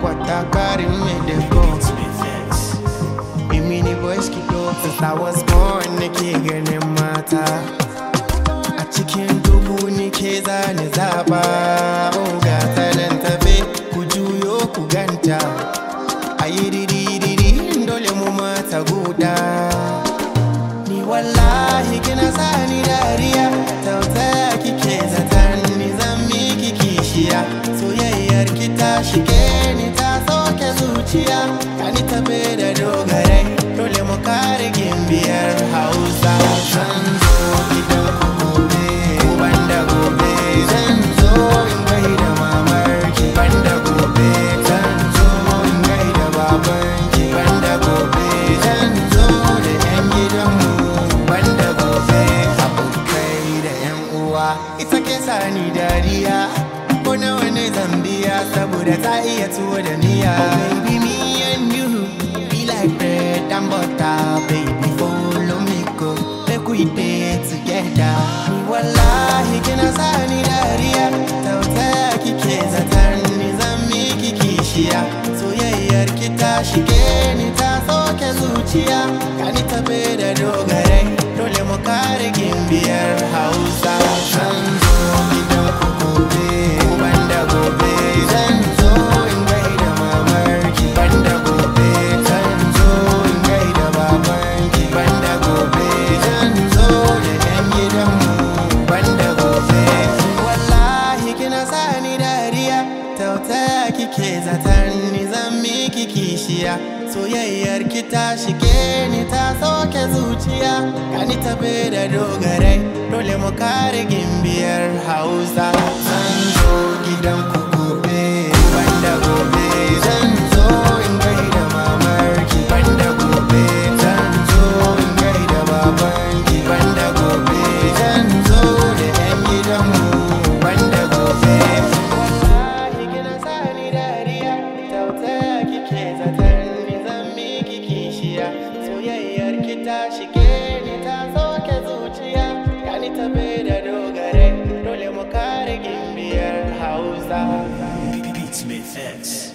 water carry me the guns Give me the boys keep up since I was born nake ganin mata A cikin dubu nake zane zaba Oh ga tanan tabe ku juyo ku ganta Ayi diri dole mu mata guda wallahi kina sani dariya tausaya kike zatan ni zan miki kishiya soyayyar ki ta shige ni ta sauke zuciya ka ni da dogarai dole mu kare gimbiyar hausa zan gidan gobe banda gobe zan zo gai da mamarki banda gobe zan zo banda gobe zan zo kowa ita ke sani dariya ko nawa ne zambiya saboda ta iya tuwo da miya baby me and you be like bread and butter baby follow me go make we dey together wallahi kina ni dariya tautaya kike zatar ni zan miki kishiya soyayyar ki ta shige ni ta soke zuciya ka ni tabe da dogare ke zatar ni zan miki kishiya soyayyar ki ta shige ni ta soke zuciya ni tabe da dogarai dole mu kare gimbiyar hausa zan zo gidan ku gobe nake zatar ni zan miki kishiya soyayyar ki ta shige ni ta soke zuciya ya ni tabe da dogare dole mu kare gimbiyar hausa Beats